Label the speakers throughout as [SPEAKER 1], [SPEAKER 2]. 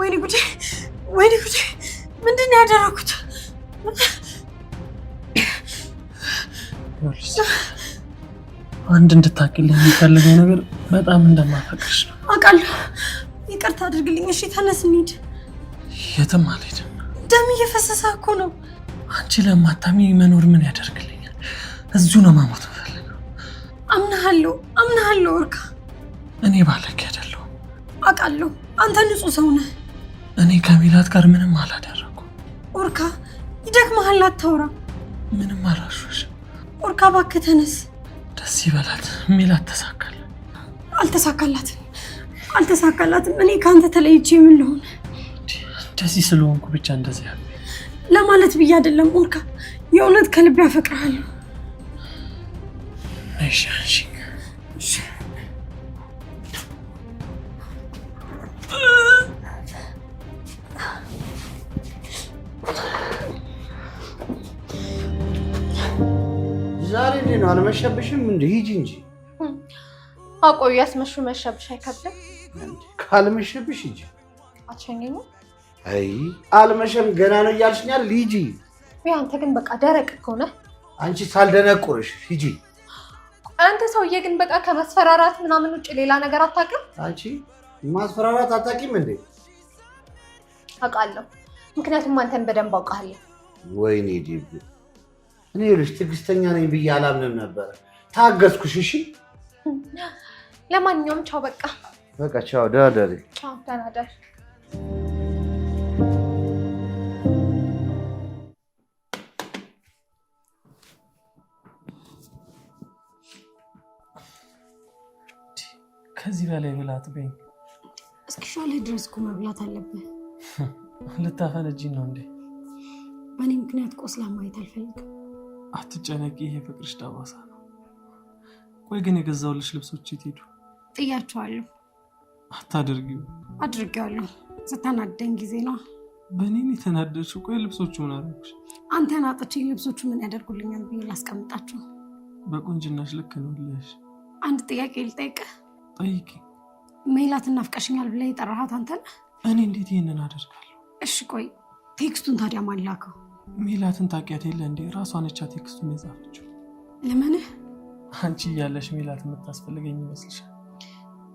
[SPEAKER 1] ወይኔ ጉዴ! ወይኔ ጉዴ! ምንድን ነው ያደረኩት?
[SPEAKER 2] አንድ እንድታቅልኝ የሚፈልገው ነገር በጣም እንደማፈቅርሽ ነው
[SPEAKER 1] አውቃለሁ። ይቅርታ አድርግልኝ። እሺ ተነስ እንሂድ።
[SPEAKER 2] የትም አልሄድም።
[SPEAKER 1] ደም እየፈሰሰ እኮ ነው።
[SPEAKER 2] አንቺ ለማታሚ መኖር ምን ያደርግልኛል? እዚሁ ነው ማሞት የምፈልገው።
[SPEAKER 1] አምናሃለሁ፣ አምናሃለሁ ወርካ።
[SPEAKER 2] እኔ ባለጌ አይደለሁም።
[SPEAKER 1] አውቃለሁ። አንተ ንጹህ ሰው ነህ።
[SPEAKER 2] እኔ ከሚላት ጋር ምንም አላደረጉ።
[SPEAKER 1] ኦርካ ይደክመሃል፣ አታውራ።
[SPEAKER 2] ምንም አላሾሽ።
[SPEAKER 1] ኦርካ እባክህ ተነስ።
[SPEAKER 2] ደስ ይበላት። ሜላት ተሳካል
[SPEAKER 1] አልተሳካላትም? አልተሳካላትም። እኔ ከአንተ ተለይቼ ምን ልሆን?
[SPEAKER 2] እንደዚህ ስለሆንኩ ብቻ እንደዚህ ያለ
[SPEAKER 1] ለማለት ብዬ አይደለም ኦርካ፣ የእውነት ከልቤ አፈቅርሃለሁ።
[SPEAKER 2] እሺ
[SPEAKER 3] ነው። አልመሸብሽም? እንደ ሂጂ እንጂ
[SPEAKER 1] አቆዩ ያስመሹ መሸብሽ አይከብድም።
[SPEAKER 3] ካልመሸብሽ ሂጂ። አቸኝኝ አይ አልመሸም ገና ነው እያልሽኛል። ሂጂ።
[SPEAKER 1] ወይ አንተ ግን በቃ ደረቅ ከሆነ
[SPEAKER 3] አንቺ ሳልደነቁርሽ ሂጂ።
[SPEAKER 1] አንተ ሰውዬ ግን በቃ ከመስፈራራት ምናምን ውጭ ሌላ ነገር አታውቅም።
[SPEAKER 3] አንቺ ማስፈራራት አታውቂም እንዴ?
[SPEAKER 1] አውቃለሁ፣ ምክንያቱም አንተን በደንብ አውቃለሁ።
[SPEAKER 3] ወይኔ ዲብ እኔ ልጅ ትዕግስተኛ ነኝ ብዬ አላምንም ነበር ታገዝኩሽ። እሺ፣
[SPEAKER 1] ለማንኛውም ቻው። በቃ
[SPEAKER 3] በቃ ቻው። ደህና ደሪ።
[SPEAKER 1] ቻው፣ ደህና
[SPEAKER 2] ከዚህ በላይ ብላት በይኝ።
[SPEAKER 1] እስኪ ላይ ድረስ እኮ መብላት አለብህ።
[SPEAKER 2] ልታፈነጂን ነው እንዴ?
[SPEAKER 1] በእኔ ምክንያት ቆስላ ማየት አልፈልግም።
[SPEAKER 2] አትጨነቂ፣ ይሄ ፍቅርሽ ዳባሳ ነው። ቆይ ግን የገዛሁልሽ ልብሶች የት ሄዱ?
[SPEAKER 1] ጥያቸዋለሁ።
[SPEAKER 2] አታደርጊው።
[SPEAKER 1] አድርጌዋለሁ። ስታናደኝ ጊዜ ነው
[SPEAKER 2] በእኔ የተናደድሽው። ቆይ ልብሶቹ ምን አደረጉሽ?
[SPEAKER 1] አንተን አጥቼ ልብሶቹ ምን ያደርጉልኛል ብዬ ላስቀምጣቸው።
[SPEAKER 2] በቁንጅናሽ ልክ ነው ብለሽ።
[SPEAKER 1] አንድ ጥያቄ ልጠይቅህ? ጠይቂ። ሜላት እናፍቀሽኛል ብለህ የጠራሃት አንተን?
[SPEAKER 2] እኔ እንዴት ይህንን አደርጋለሁ?
[SPEAKER 1] እሺ ቆይ ቴክስቱን ታዲያ ማላከው
[SPEAKER 2] ሜላትን ታውቂያት የለ እንዴ? ራሷ ነቻ ቴክስቱን የጻፈችው። ለምን አንቺ እያለሽ ሜላት የምታስፈልገኝ ይመስልሻል?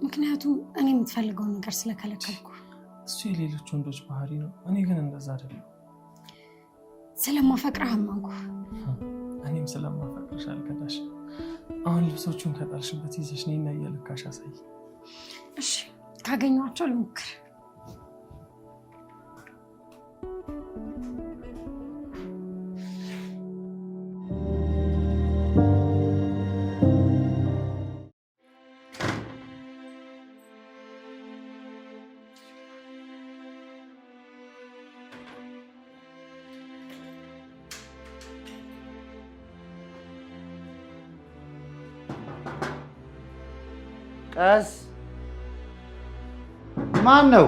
[SPEAKER 1] ምክንያቱም እኔ የምትፈልገውን ነገር ስለከለከልኩ።
[SPEAKER 2] እሱ የሌሎች ወንዶች ባህሪ ነው። እኔ ግን እንደዛ አይደለም።
[SPEAKER 1] ስለማፈቅርህ አመንኩ።
[SPEAKER 2] እኔም ስለማፈቅርሽ አልከዳሽ። አሁን ልብሶቹን ከጣልሽበት ይዘሽ ነይና እየለካሽ አሳይ።
[SPEAKER 1] እሺ ካገኘኋቸው ልሞክር።
[SPEAKER 3] ነው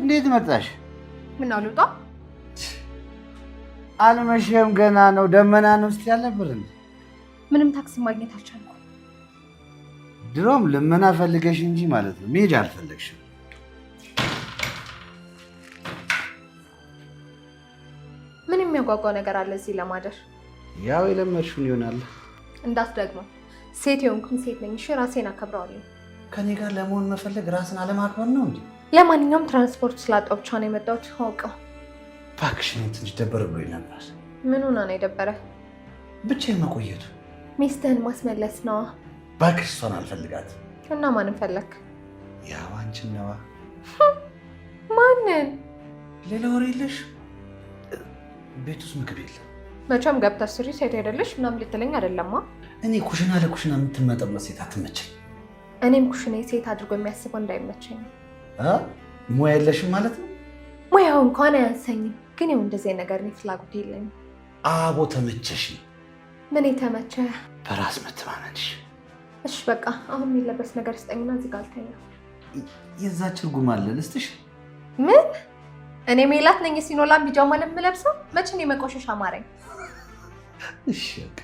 [SPEAKER 3] እንዴት መጣሽ? ምን አልወጣ አልመሸም፣ ገና ነው። ደመና ነው እስቲ ያለብር።
[SPEAKER 1] ምንም ታክሲ ማግኘት አልቻልኩም።
[SPEAKER 3] ድሮም ልመና ፈልገሽ እንጂ ማለት ነው መሄድ አልፈለግሽም።
[SPEAKER 1] ምን የሚያጓጓ ነገር አለ እዚህ ለማደር?
[SPEAKER 3] ያው የለመድሽውን ይሆናል።
[SPEAKER 1] እንዳትደግመው ሴት የሆንኩኝ ሴት ነኝ። እሺ ራሴን አከብረዋለሁ።
[SPEAKER 3] ከኔ ጋር ለመሆን መፈለግ ራስን አለማክበር ነው እንዴ?
[SPEAKER 1] ለማንኛውም ትራንስፖርት ስላጣሁ ብቻ ነው የመጣሁት። አውቀው
[SPEAKER 3] ፓክሽን እኔ ትንሽ ደበር ብሎኝ ነበር።
[SPEAKER 1] ምን ሆና ነው የደበረ?
[SPEAKER 3] ብቻ መቆየቱ።
[SPEAKER 1] ሚስትህን ማስመለስ ነዋ።
[SPEAKER 3] እባክሽ፣ እሷን አልፈልጋት
[SPEAKER 1] እና ማንን ፈለግ?
[SPEAKER 3] ያው አንቺን ነዋ። ማንን? ሌላ ወሬ የለሽ? ቤት ውስጥ ምግብ የለም
[SPEAKER 1] መቼም ገብተሽ ስሪ ሴት አይደለሽ ምናምን ልትለኝ አይደለማ
[SPEAKER 3] እኔ ኩሽና ለኩሽና የምትመጠመጥ ሴት አትመቸኝ።
[SPEAKER 1] እኔም ኩሽና ሴት አድርጎ የሚያስበው እንዳይመቸኝ
[SPEAKER 3] ሙያ የለሽም ማለት ነው።
[SPEAKER 1] ሙያው እንኳን አያንሰኝም፣ ግን ይኸው እንደዚህ ነገር እኔ ፍላጎት የለኝ።
[SPEAKER 3] አቦ ተመቸሽ? ምን የተመቸ? በራስ መተማመንሽ።
[SPEAKER 1] እሺ በቃ አሁን የሚለበስ ነገር ስጠኝና እዚህ ጋር ልተኛ።
[SPEAKER 3] የዛች ትርጉም አለ ልስጥሽ።
[SPEAKER 1] ምን እኔ ሜላት ነኝ? ሲኖላን ቢጃማን የምለብሰው መቼ ነው? የመቆሸሽ አማረኝ። እሺ በቃ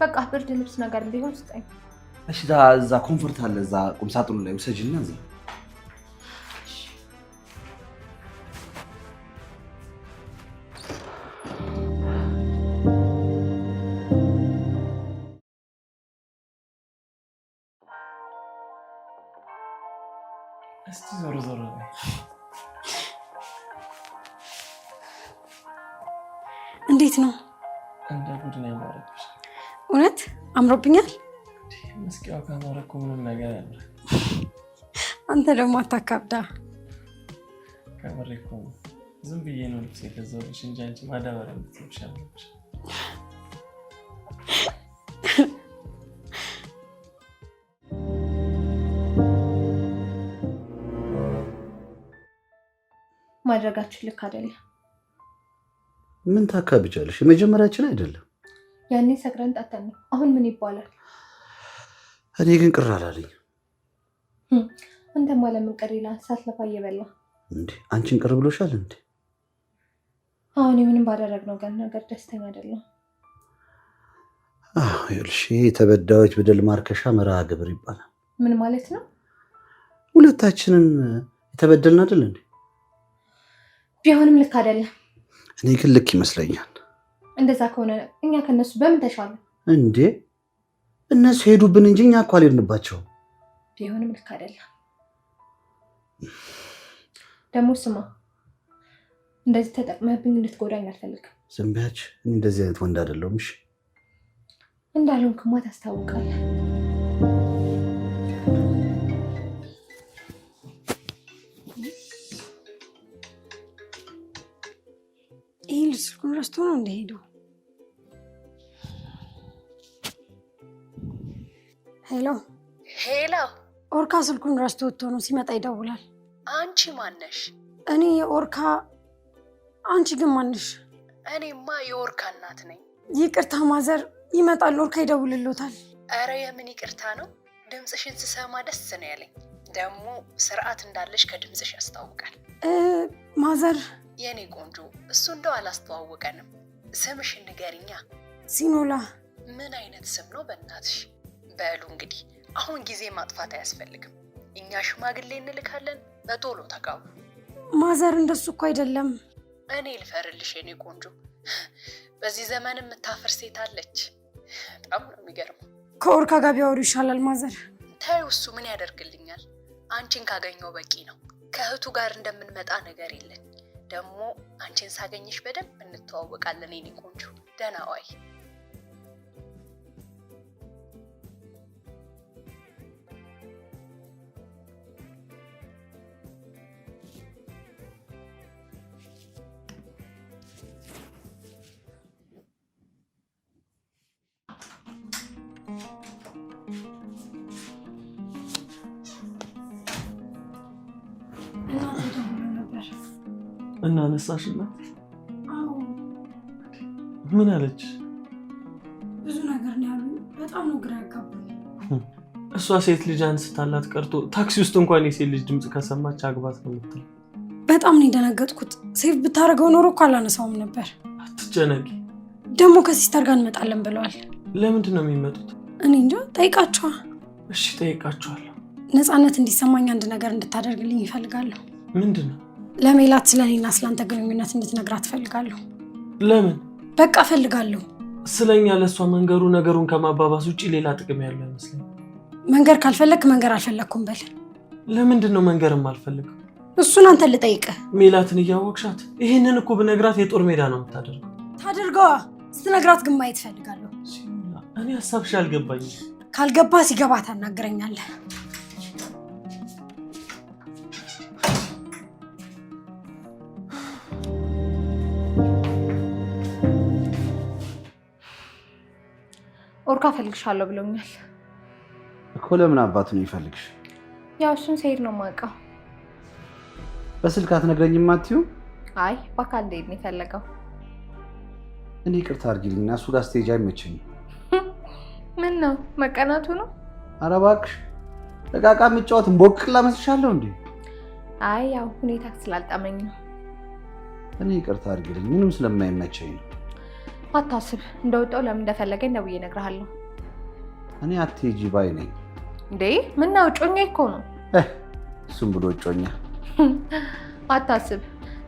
[SPEAKER 1] በቃ ብርድ ልብስ ነገር ቢሆን ስጠኝ።
[SPEAKER 3] እሺ፣ እዛ ኮንፈርት አለ፣ እዛ ቁምሳጥኑ ላይ ውሰጅና እዛ
[SPEAKER 2] እስቲ ዞሮ ዞሮ አምሮብኛል። መስቀያው ካማረ እኮ ምንም ነገር
[SPEAKER 1] አንተ ደግሞ አታካብዳ።
[SPEAKER 2] ከምሬ እኮ ዝም ብዬ ነው ልብስ የገዛሁልሽ እንጂ አንቺ ማዳበሪያ
[SPEAKER 1] ማድረጋችሁ ልክ አይደለም።
[SPEAKER 3] ምን ታካብቻለሽ? የመጀመሪያችን አይደለም
[SPEAKER 1] ያኔ ሰክረን ጠተን ነው። አሁን ምን ይባላል?
[SPEAKER 3] እኔ ግን ቅር አላለኝ።
[SPEAKER 1] አንተማ ለምን ቅር ይላል? ሳትለፋ እየበላ
[SPEAKER 3] እንዴ? አንቺን ቅር ብሎሻል እንዴ?
[SPEAKER 1] አሁን ምንም ባደረግነው ግን ነገር ደስተኛ አይደለም።
[SPEAKER 3] ይኸውልሽ የተበዳዮች በደል ማርከሻ መርሃ ግብር ይባላል። ምን ማለት ነው? ሁለታችንም የተበደልን አይደል እንዴ?
[SPEAKER 1] ቢሆንም ልክ አይደለም።
[SPEAKER 3] እኔ ግን ልክ ይመስለኛል።
[SPEAKER 1] እንደዛ ከሆነ እኛ ከነሱ በምን ተሻለ
[SPEAKER 3] እንዴ? እነሱ ሄዱብን እንጂ እኛ እኮ አልሄድንባቸውም።
[SPEAKER 1] ቢሆንም ልክ አይደለም። ደግሞ ስማ፣ እንደዚህ ተጠቅመብኝ እንድትጎዳኝ አልፈልግም።
[SPEAKER 3] ዝም በያች። እንደዚህ አይነት ወንድ አይደለሁም። እሺ
[SPEAKER 1] እንዳልሆንክማ ታስታውቃለህ። ቁን ረስቶ ነው እንደሄዱ ሄሎ ሄሎ ኦርካ ስልኩን ረስቶ ወጥቶ ነው ሲመጣ ይደውላል
[SPEAKER 4] አንቺ ማነሽ
[SPEAKER 1] እኔ የኦርካ አንቺ ግን ማነሽ
[SPEAKER 4] እኔማ የኦርካ እናት ነኝ
[SPEAKER 1] ይቅርታ ማዘር ይመጣል ኦርካ ይደውልሎታል
[SPEAKER 4] እረ የምን ይቅርታ ነው ድምፅሽን ስሰማ ደስ ነው ያለኝ ደግሞ ስርዓት እንዳለሽ ከድምፅሽ ያስታውቃል ማዘር የእኔ ቆንጆ እሱ እንደው አላስተዋወቀንም። ስምሽን ንገርኛ። ሲኖላ። ምን አይነት ስም ነው በእናትሽ? በሉ እንግዲህ አሁን ጊዜ ማጥፋት አያስፈልግም። እኛ ሽማግሌ እንልካለን፣ በቶሎ ተጋቡ።
[SPEAKER 1] ማዘር እንደሱ እኮ አይደለም።
[SPEAKER 4] እኔ ልፈርልሽ የኔ ቆንጆ፣ በዚህ ዘመን የምታፍር ሴት አለች። በጣም ነው የሚገርመው።
[SPEAKER 1] ከወር ከጋቢ ቢያወሩ ይሻላል ማዘር።
[SPEAKER 4] ታዩ እሱ ምን ያደርግልኛል? አንቺን ካገኘው በቂ ነው። ከእህቱ ጋር እንደምንመጣ ነገር የለን ደግሞ አንቺን ሳገኝሽ በደንብ እንተዋወቃለን የኔ ቆንጆ። ደህና ዋይ።
[SPEAKER 2] እና አነሳሽላት? ምን አለች?
[SPEAKER 1] ብዙ ነገር ነው ያሉ። በጣም ነው ግራ ያጋባኝ።
[SPEAKER 2] እሷ ሴት ልጅ አንስታላት ቀርቶ ታክሲ ውስጥ እንኳን የሴት ልጅ ድምፅ ከሰማች አግባት ነው የምትለው።
[SPEAKER 1] በጣም ነው የደነገጥኩት። ሴፍ ብታደርገው ኖሮ እኮ አላነሳውም ነበር።
[SPEAKER 2] አትጨነቂ።
[SPEAKER 1] ደግሞ ከሲስተር ጋር እንመጣለን ብለዋል።
[SPEAKER 2] ለምንድን ነው የሚመጡት?
[SPEAKER 1] እኔ እንጃ። ጠይቃቸዋ።
[SPEAKER 2] እሺ፣ ጠይቃቸዋለሁ።
[SPEAKER 1] ነፃነት እንዲሰማኝ አንድ ነገር እንድታደርግልኝ ይፈልጋለሁ። ምንድን ነው? ለሜላት ስለኔና ስለአንተ ግንኙነት እንድትነግራት እፈልጋለሁ። ለምን? በቃ ፈልጋለሁ።
[SPEAKER 2] ስለኛ ለእሷ መንገሩ ነገሩን ከማባባስ ውጭ ሌላ ጥቅም ያለው አይመስለኝም።
[SPEAKER 1] መንገር ካልፈለግ መንገር አልፈለግኩም በል።
[SPEAKER 2] ለምንድን ነው መንገርም አልፈልግ?
[SPEAKER 1] እሱን አንተ ልጠይቅህ።
[SPEAKER 2] ሜላትን እያወቅሻት ይህንን እኮ ብነግራት የጦር ሜዳ ነው የምታደርገው።
[SPEAKER 1] ታደርገዋ ስትነግራት ግን ማየት ፈልጋለሁ።
[SPEAKER 2] እኔ ሀሳብሽ አልገባኝ
[SPEAKER 1] ካልገባ ሲገባ ታናግረኛለህ። ቡርካ ፈልግሻለሁ ብሎኛል
[SPEAKER 2] እኮ። ለምን አባቱ ነው ይፈልግሽ?
[SPEAKER 1] ያው እሱን ስሄድ ነው የማውቀው።
[SPEAKER 2] በስልክ አትነግረኝም አትዩ?
[SPEAKER 1] አይ በአካል እንደሄድ ነው የፈለገው።
[SPEAKER 2] እኔ ይቅርታ አድርጊልኝና እሱ ጋር ስቴጅ አይመቸኝም።
[SPEAKER 1] ምን ነው መቀናቱ ነው?
[SPEAKER 2] ኧረ እባክሽ እቃቃ የምጫወት እንቦቅላ መስልሻለሁ እንዴ?
[SPEAKER 1] አይ ያው ሁኔታ ስላልጠመኝ ነው።
[SPEAKER 2] እኔ ይቅርታ አድርጊልኝ፣ ምንም ስለማይመቸኝ ነው።
[SPEAKER 1] አታስብ፣ እንደወጣው ለምን እንደፈለገ ደውዬ እነግርሃለሁ።
[SPEAKER 2] እኔ አትሄጂ ባይ ነኝ።
[SPEAKER 1] እንዴ ምነው? እጮኛ እኮ ነው።
[SPEAKER 2] እሱም ብሎ እጮኛ።
[SPEAKER 1] አታስብ፣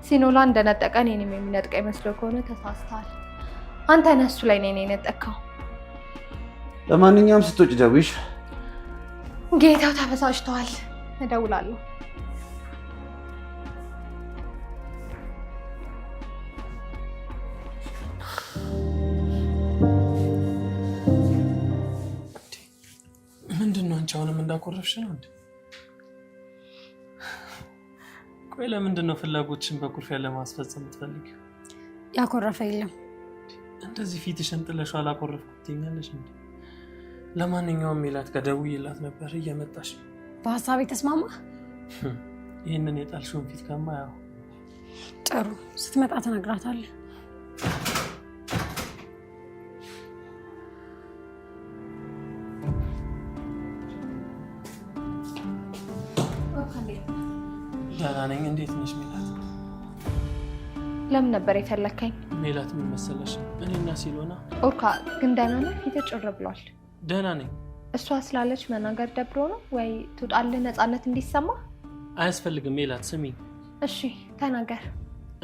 [SPEAKER 1] ሲኖላ እንደነጠቀ እኔንም የሚነጥቀ ይመስለው ከሆነ ተሳስተሃል። አንተ እነሱ ላይ እኔን የነጠቅከው።
[SPEAKER 2] ለማንኛውም ስትወጪ ደውይሽ።
[SPEAKER 1] ጌታው ተበሳጭተዋል። እደውላለሁ
[SPEAKER 2] ኮረፍሽ ነው እንዴ? ቆይ ለምንድን ነው ፍላጎትሽን በኩርፊያ ለማስፈጸም ትፈልግ?
[SPEAKER 1] ያኮረፈ የለም።
[SPEAKER 2] እንደዚህ ፊትሽን ሸንጥለሽ አላኮረፍኩም ትይኛለሽ እንዴ? ለማንኛውም ሜላት ጋር ደውዬላት ነበር እየመጣሽ
[SPEAKER 1] በሀሳቤ ተስማማ።
[SPEAKER 2] ይህንን የጣልሽውን ፊት ከማ ያው
[SPEAKER 1] ጥሩ ስትመጣ ትነግራታለህ። ነበር የፈለከኝ?
[SPEAKER 2] ሜላት፣ ምን መሰለሽ እኔና ሲሎና
[SPEAKER 1] ኦርካ ግን ደህና ነህ? ፊትህ ጭር ብሏል። ደህና ነኝ። እሷ ስላለች መናገር ደብሮ ነው ወይ ትውጣልህ? ነፃነት እንዲሰማ
[SPEAKER 2] አያስፈልግም። ሜላት ስሚ፣
[SPEAKER 1] እሺ ተናገር።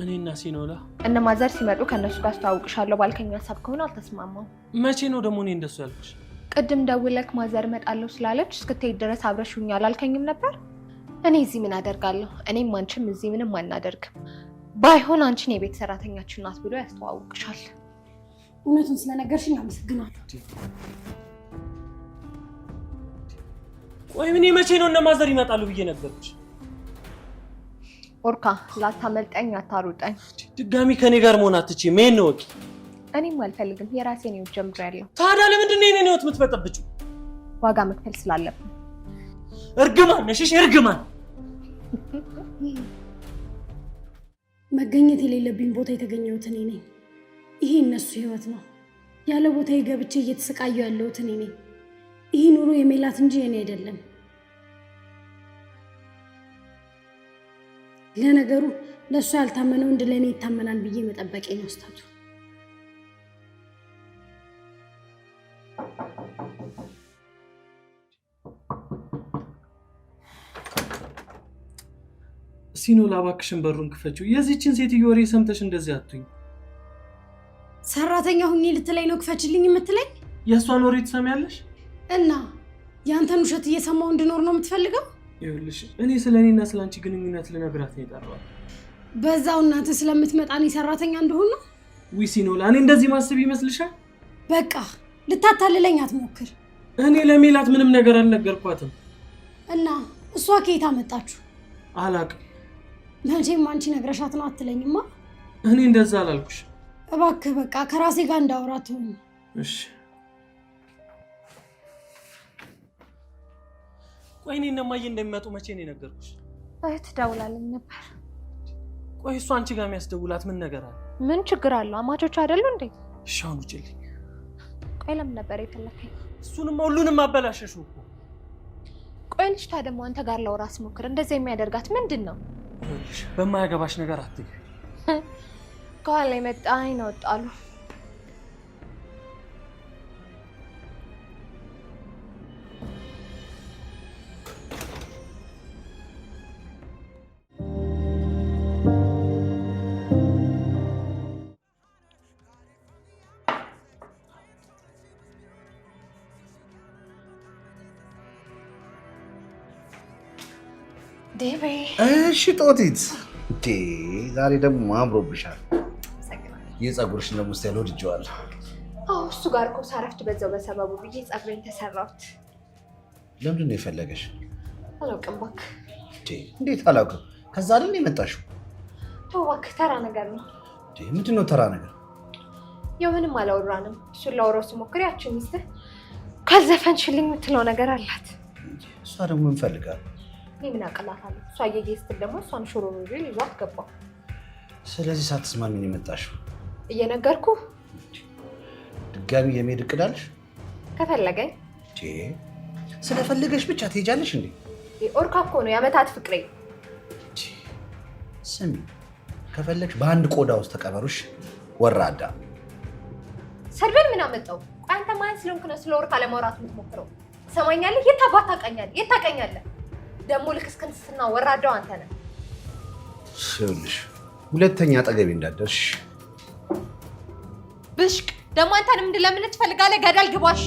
[SPEAKER 2] እኔና ሲኖላ
[SPEAKER 1] እነ ማዘር ሲመጡ ከእነሱ ጋር አስተዋውቅሻለሁ ባልከኝ ሀሳብ ከሆነ አልተስማማም።
[SPEAKER 2] መቼ ነው ደግሞ እኔ እንደሱ ያልኩሽ?
[SPEAKER 1] ቅድም ደውለክ ማዘር እመጣለሁ ስላለች እስክትሄድ ድረስ አብረሽኛል አላልከኝም ነበር? እኔ እዚህ ምን አደርጋለሁ? እኔም አንቺም እዚህ ምንም አናደርግም። ባይሆን አንቺን የቤት ሰራተኛችን ናት ብሎ ያስተዋውቅሻል። እውነቱን ስለነገርሽኝ አመሰግናለሁ።
[SPEAKER 2] ቆይ እኔ መቼ ነው ማዘር ይመጣሉ ብዬ ነበርች።
[SPEAKER 1] ኦርካ ላታመልጠኝ አታሩጠኝ።
[SPEAKER 2] ድጋሚ ከኔ ጋር መሆን አትች ሜን ነው ወቂ።
[SPEAKER 1] እኔም አልፈልግም። የራሴን ህይወት ጀምሬያለሁ።
[SPEAKER 2] ታዲያ ለምንድን ነው የኔን ህይወት የምትበጠብጪው?
[SPEAKER 1] ዋጋ መክፈል ስላለብን።
[SPEAKER 2] እርግማን ነሽሽ፣ እርግማን
[SPEAKER 1] መገኘት የሌለብኝ ቦታ የተገኘሁት እኔ ነኝ። ይሄ እነሱ ህይወት ነው። ያለ ቦታ ገብቼ እየተሰቃየሁ ያለሁት እኔ ነኝ። ይህ ኑሮ የሜላት እንጂ የኔ አይደለም። ለነገሩ ለእሷ ያልታመነው እንደ ለእኔ ይታመናል ብዬ መጠበቄ ነው ስታቱ
[SPEAKER 2] ሲኖላ እባክሽን በሩን ክፈችው። የዚችን ሴትዮ ወሬ ሰምተሽ እንደዚህ አትሁኝ።
[SPEAKER 1] ሰራተኛ ሁኜ ልትለኝ ነው ክፈችልኝ የምትለኝ?
[SPEAKER 2] የእሷን ወሬ ትሰሚያለሽ
[SPEAKER 1] እና የአንተን ውሸት እየሰማው እንድኖር ነው የምትፈልገው?
[SPEAKER 2] ይኸውልሽ እኔ ስለ እኔና ስለ አንቺ ግንኙነት ልነግራት ነው የጠራሁት።
[SPEAKER 1] በዛው እናተ ስለምትመጣ እኔ ሰራተኛ እንደሆን ነው?
[SPEAKER 2] ዊ ሲኖላ፣ እኔ እንደዚህ ማስብ ይመስልሻል?
[SPEAKER 1] በቃ ልታታልለኝ አትሞክር።
[SPEAKER 2] እኔ ለሜላት ምንም ነገር አልነገርኳትም።
[SPEAKER 1] እና እሷ ከየት አመጣችሁ? አላቅም መቼም አንቺ ነግረሻት ነው አትለኝማ።
[SPEAKER 2] እኔ እንደዛ አላልኩሽ።
[SPEAKER 1] እባክህ በቃ ከራሴ ጋር እንዳውራት ሆኑ።
[SPEAKER 2] እሺ ቆይ እኔ እንደሚመጡ መቼ ነው የነገርኩሽ?
[SPEAKER 1] እህት ደውላልኝ ነበር።
[SPEAKER 2] ቆይ እሱ አንቺ ጋር የሚያስደውላት ምን ነገር አለ?
[SPEAKER 1] ምን ችግር አለው? አማቾች አይደሉ እንዴ?
[SPEAKER 2] እሺ አሁን ውጭልኝ።
[SPEAKER 1] ቆይ ለምን ነበር የፈለከኝ?
[SPEAKER 2] እሱንም ሁሉንም አበላሸሽው እኮ።
[SPEAKER 1] ቆይ ልጅታ ደግሞ አንተ ጋር ለውራስ ሞክር፣ እንደዚህ የሚያደርጋት ምንድን ነው?
[SPEAKER 2] በማያገባሽ ነገር አትገቢ።
[SPEAKER 1] ከኋላ የመጣ አይን አወጣሉ። ዴቪድ
[SPEAKER 3] እሺ ጦቲት እንዴ ዛሬ ደግሞ አምሮብሻል። የፀጉርሽን ደግሞ ስታይል ወድጀዋል።
[SPEAKER 1] እሱ ጋር እኮ ሳረፍድ በዛው በሰበቡ ብዬ ፀጉሬን ተሰራሁት።
[SPEAKER 3] ለምንድን ነው የፈለገሽ?
[SPEAKER 1] አላውቅም እባክህ።
[SPEAKER 3] እንዴት አላውቅም? ከዛ አይደል የመጣሽው?
[SPEAKER 1] ተው እባክህ፣ ተራ ነገር ነው።
[SPEAKER 3] ምንድን ነው ተራ ነገር?
[SPEAKER 1] ያው ምንም አላወራንም። እሱን ላወራው ስሞክር ያችን ሚስትህ ካልዘፈንሽልኝ የምትለው ነገር አላት።
[SPEAKER 3] እሷ ደግሞ እንፈልጋለን
[SPEAKER 1] ምን አቀላታለሁ? እሷ አየዬ ስትል ደግሞ እሷን ሽሮ ይዟት ይዞ ገባ።
[SPEAKER 3] ስለዚህ ሳትስማሚ ነው የመጣሽው? እየነገርኩ ድጋሚ የመሄድ እቅድ አለሽ? ከፈለገኝ ስለፈለገሽ ብቻ ትሄጃለሽ እንዴ?
[SPEAKER 1] ኦርካ እኮ ነው የአመታት ፍቅሬ።
[SPEAKER 3] ስሚ ከፈለግሽ በአንድ ቆዳ ውስጥ ተቀበሩሽ። ወራዳ
[SPEAKER 1] ሰርበን ምን አመጣው? ቆይ አንተ ማን ስለሆንክ ነው ስለ ኦርካ ለማውራት የምትሞክረው? ትሰማኛለህ? የት አባት ታውቃኛለህ? የት ታውቃኛለህ? ደግሞ ልክስክስና ወራዳው አንተ ነህ።
[SPEAKER 3] ይኸውልሽ ሁለተኛ አጠገቤ እንዳደርሽ
[SPEAKER 1] ብሽቅ ደግሞ አንተንም ለምን ትፈልጋለህ። ገደል ግባ እሺ።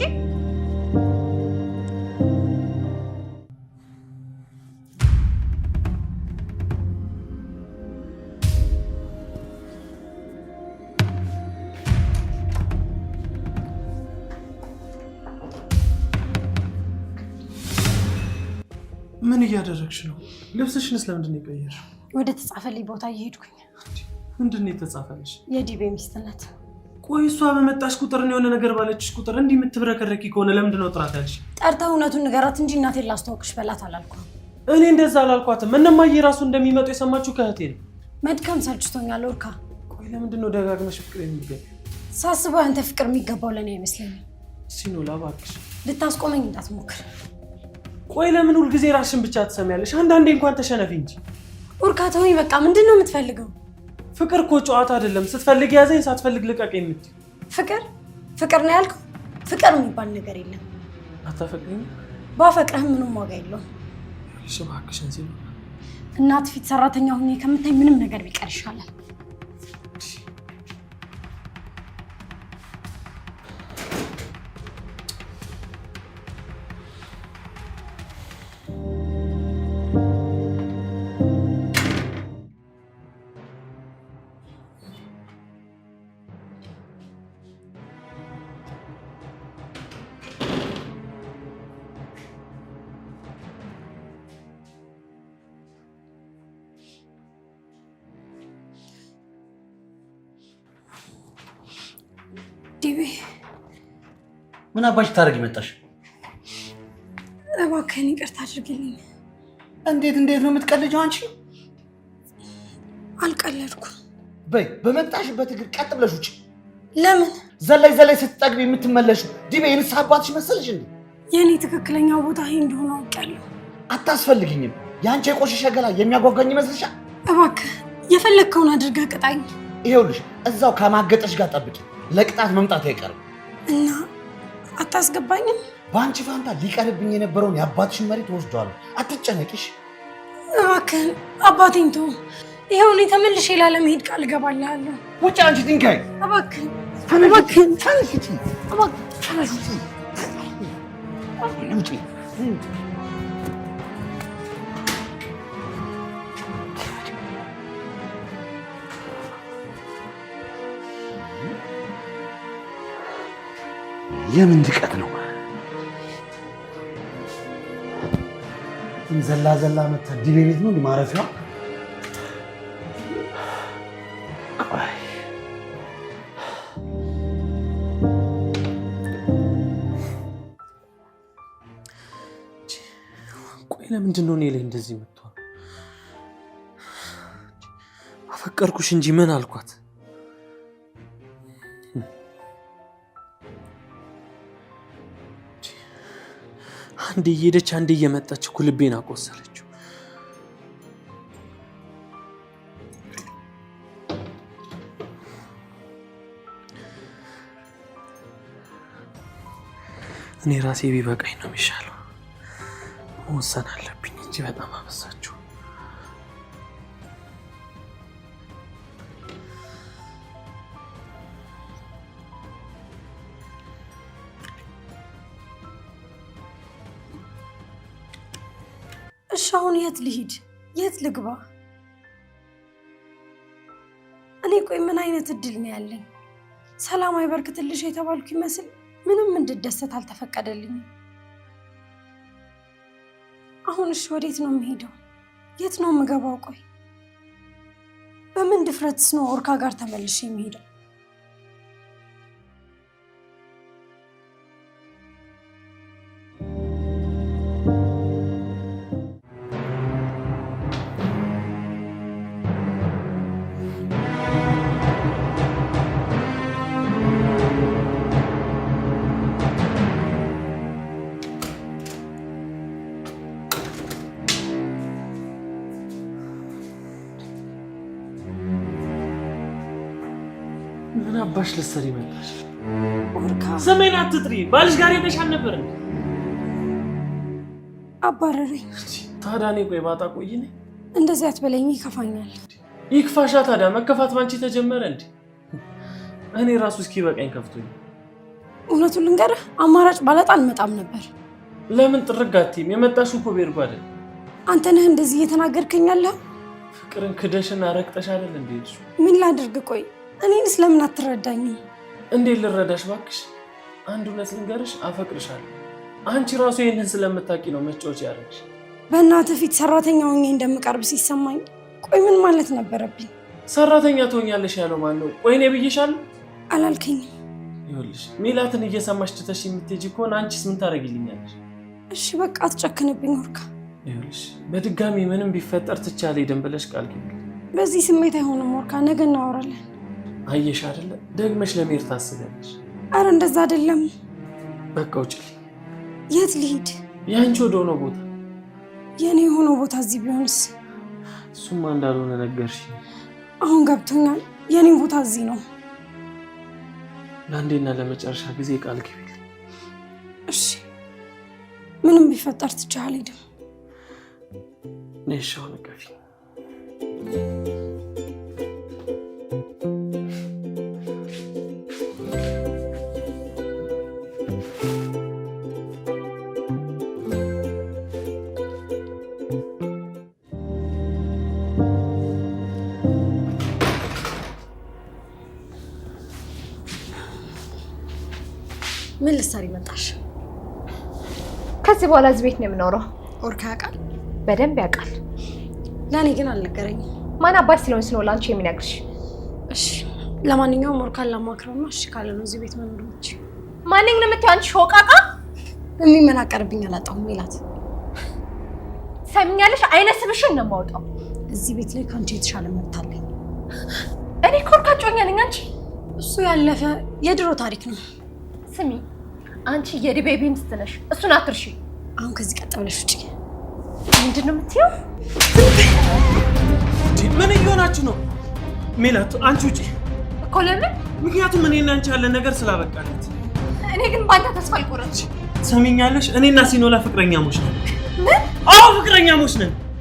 [SPEAKER 2] ምን እያደረግሽ ነው? ልብስሽንስ ለምንድን ይቀየር?
[SPEAKER 1] ወደ ተጻፈልኝ ቦታ እየሄድኩኝ።
[SPEAKER 2] ምንድን የተጻፈልሽ?
[SPEAKER 1] የዲቤ ሚስትነት።
[SPEAKER 2] ቆይ እሷ በመጣሽ ቁጥር የሆነ ነገር ባለችሽ ቁጥር እንዲህ የምትብረከረኪ ከሆነ ለምንድን ነው ጥራት ያልሽ?
[SPEAKER 1] ጠርታ እውነቱን ንገራት እንጂ እናቴን ላስተዋውቅሽ በላት አላልኳ
[SPEAKER 2] እኔ እንደዛ አላልኳትም። እነማዬ ራሱ እንደሚመጡ የሰማችሁ ከእህቴ ነው።
[SPEAKER 1] መድከም ሰልችቶኛል ወርካ።
[SPEAKER 2] ቆይ ለምንድን ነው ደጋግመሽ ፍቅር የሚገባው?
[SPEAKER 1] ሳስበው አንተ ፍቅር የሚገባው ለእኔ አይመስለኝም።
[SPEAKER 2] ሲኖላ እባክሽ
[SPEAKER 1] ልታስቆመኝ እንዳትሞክር
[SPEAKER 2] ቆይ ለምን ሁልጊዜ ራስሽን ብቻ ትሰሚያለሽ? አንዳንዴ እንኳን ተሸነፊ እንጂ።
[SPEAKER 1] ኡርካታ ሆይ በቃ ምንድን ነው የምትፈልገው?
[SPEAKER 2] ፍቅር እኮ ጨዋታ አይደለም። ስትፈልግ ያዘኝ፣ ሳትፈልግ ልቀቅ የምት
[SPEAKER 1] ፍቅር ፍቅር ነው ያልኩ። ፍቅር የሚባል ነገር የለም። አታፈቅሪኝ? ባፈቅረህ ምንም ዋጋ የለውም። እባክሽን፣ እናት ፊት ሰራተኛ ሁኜ ከምታይ ምንም ነገር ቢቀር ይሻላል።
[SPEAKER 2] ምን አባሽ ታደርጊ መጣሽ?
[SPEAKER 1] እባክህን ይቅርታ አድርግልኝ።
[SPEAKER 2] እንዴት እንዴት ነው የምትቀልጂው አንቺ? አልቀለድኩ። በይ በመጣሽበት እግር ቀጥ ብለሽ ውጭ። ለምን ዘላይ ዘላይ ስትጠግቢ የምትመለሹ? ዲቤ የንስሐ አባትሽ መሰልሽ እንዴ?
[SPEAKER 1] የእኔ ትክክለኛው ቦታ ይሄ እንደሆነ አውቃለሁ።
[SPEAKER 2] አታስፈልግኝም። የአንቺ የቆሸሸ ገላ የሚያጓጓኝ ይመስልሻል?
[SPEAKER 1] እባክህ የፈለግከውን አድርገህ ቅጣኝ።
[SPEAKER 2] ይሄውልሽ እዛው ከማገጠሽ ጋር ጠብቂ፣ ለቅጣት መምጣት አይቀርም
[SPEAKER 1] እና አታስገባኝም።
[SPEAKER 2] በአንቺ ፋንታ ሊቀርብኝ የነበረውን የአባትሽን መሬት ወስደዋለሁ። አትጨነቂሽ።
[SPEAKER 1] እባክህን አባቴን ተው። ይኸው እኔ ተመልሼ ላለመሄድ ቃል እገባልሃለሁ።
[SPEAKER 2] ውጭ አንቺ ድንጋይ! እባክህን እባክህን ተነስቼ እባክህን ተነስቼ ውጭ
[SPEAKER 3] የምን ድቀት ነው? ዘላ ዘላ መታ ዲቤ ቤት ነው ማረፊያው።
[SPEAKER 2] ቆይ ለምንድን ነው እኔ ላይ እንደዚህ መጥቷል? አፈቀርኩሽ እንጂ ምን አልኳት? አንዴ እየሄደች አንዴ እየመጣች እኮ ልቤን አቆሰለችው። እኔ ራሴ ቢበቃኝ ነው የሚሻለው። መወሰን አለብኝ እንጂ በጣም አበዛች።
[SPEAKER 1] ልሂድ? የት ልግባ? እኔ ቆይ ምን አይነት እድል ነው ያለኝ? ሰላም አይበርክትልሽ የተባልኩ ይመስል ምንም እንድደሰት አልተፈቀደልኝም። አሁን እሺ፣ ወዴት ነው የምሄደው? የት ነው የምገባው? ቆይ በምን ድፍረትስ ነው ኦርካ ጋር ተመልሼ የምሄደው?
[SPEAKER 2] ምን አባሽ ልትሰሪ መጣሽ? ስሜን አትጥሪ። ባልሽ ጋር ሄደሽ አልነበረ? አባረረኝ። ታዲያ እኔ ቆይ ባጣ ቆይ ነኝ።
[SPEAKER 1] እንደዚህ አትበለኝ፣ ይከፋኛል።
[SPEAKER 2] ይክፋሻ። ታዲያ መከፋት ባንቺ ተጀመረ እንዴ? እኔ ራሱ እስኪ በቃኝ ከፍቶኝ።
[SPEAKER 1] እውነቱን ልንገርህ፣ አማራጭ ባለጣ አልመጣም ነበር።
[SPEAKER 2] ለምን ጥርግ አትይም? የመጣሽው እኮ ቤርጎ አይደል?
[SPEAKER 1] አንተ ነህ እንደዚህ እየተናገርከኛለህ።
[SPEAKER 2] ፍቅርን ክደሽና ረግጠሽ አይደል እንዴ?
[SPEAKER 1] ምን ላድርግ ቆይ እኔንስ ለምን አትረዳኝም?
[SPEAKER 2] እንዴት ልረዳሽ ባክሽ? አንድ እውነት ልንገርሽ፣ አፈቅርሻለሁ። አንቺ ራሱ ይህንን ስለምታውቂ ነው መጫወች ያለሽ።
[SPEAKER 1] በእናትህ ፊት ሰራተኛ ሆኜ እንደምቀርብ ሲሰማኝ፣ ቆይ ምን ማለት ነበረብኝ?
[SPEAKER 2] ሰራተኛ ትሆኛለሽ ያለው ማን ነው? ቆይ እኔ ብዬሻለሁ? አላልከኝም። ይኸውልሽ ሜላትን እየሰማሽ ትተሽ የምትሄጂ ከሆነ አንቺስ ምን ታደርጊልኛለሽ?
[SPEAKER 1] እሺ በቃ አትጨክንብኝ ወርካ።
[SPEAKER 2] ይኸውልሽ በድጋሚ ምንም ቢፈጠር ትቻለ ደንብለሽ ቃል ግቢ።
[SPEAKER 1] በዚህ ስሜት አይሆንም ወርካ፣ ነገ እናወራለን።
[SPEAKER 2] አየሽ አይደለ? ደግመሽ ለመሄድ ታስቢያለሽ።
[SPEAKER 1] አረ እንደዛ አይደለም። በቃ ውጭ። የት ልሂድ?
[SPEAKER 2] የአንቺ ወደ ሆነው ቦታ።
[SPEAKER 1] የእኔ የሆነው ቦታ እዚህ ቢሆንስ?
[SPEAKER 2] እሱማ እንዳልሆነ ነገርሽ።
[SPEAKER 1] አሁን ገብቶኛል። የእኔ ቦታ እዚህ ነው።
[SPEAKER 2] ለአንዴና ለመጨረሻ ጊዜ ቃል ግቢል።
[SPEAKER 1] እሺ፣ ምንም ቢፈጠር ትቼ አልሄድም።
[SPEAKER 2] ነሻው you.
[SPEAKER 1] ከዚህ በኋላ እዚህ ቤት ነው የምኖረው። ኦርካ ያውቃል፣ በደንብ ያውቃል። ለእኔ ግን አልነገረኝ። ማን አባት ስለሆን ስለ ላንቺ የሚነግርሽ? እሺ ለማንኛውም ኦርካን ላማክረውና እሺ ካለ ነው እዚህ ቤት መኖር ምች ማንኝ ነው የምትይው አንቺ ሾቃቃ? የሚመናቀርብኝ አላጣሁም ይላት። ሰሚኛለሽ? አይነ ስብሽን ነው የማወጣው። እዚህ ቤት ላይ ከአንቺ የተሻለ መብት እኔ ኮርካ ኦርካ ጮኛ ነኝ። አንቺ እሱ ያለፈ የድሮ ታሪክ ነው። ስሚ አንቺ የድቤ ቢምስት ነሽ፣ እሱን አትርሺ። አሁን ከዚህ ቀጥ ብለሽ ውጭ። ምንድን ነው የምትይው?
[SPEAKER 2] ምን እየሆናችሁ ነው? ሜላት አንቺ ውጭ እኮ። ለምን? ምክንያቱም እኔና አንቺ ያለን ነገር ስላበቃለት።
[SPEAKER 1] እኔ ግን በአንተ ተስፋ አልቆረጥሽ።
[SPEAKER 2] ሰሚኛለሽ? እኔና ሲኖላ ፍቅረኛ ፍቅረኛሞች ነን። አዎ ሞች ነን።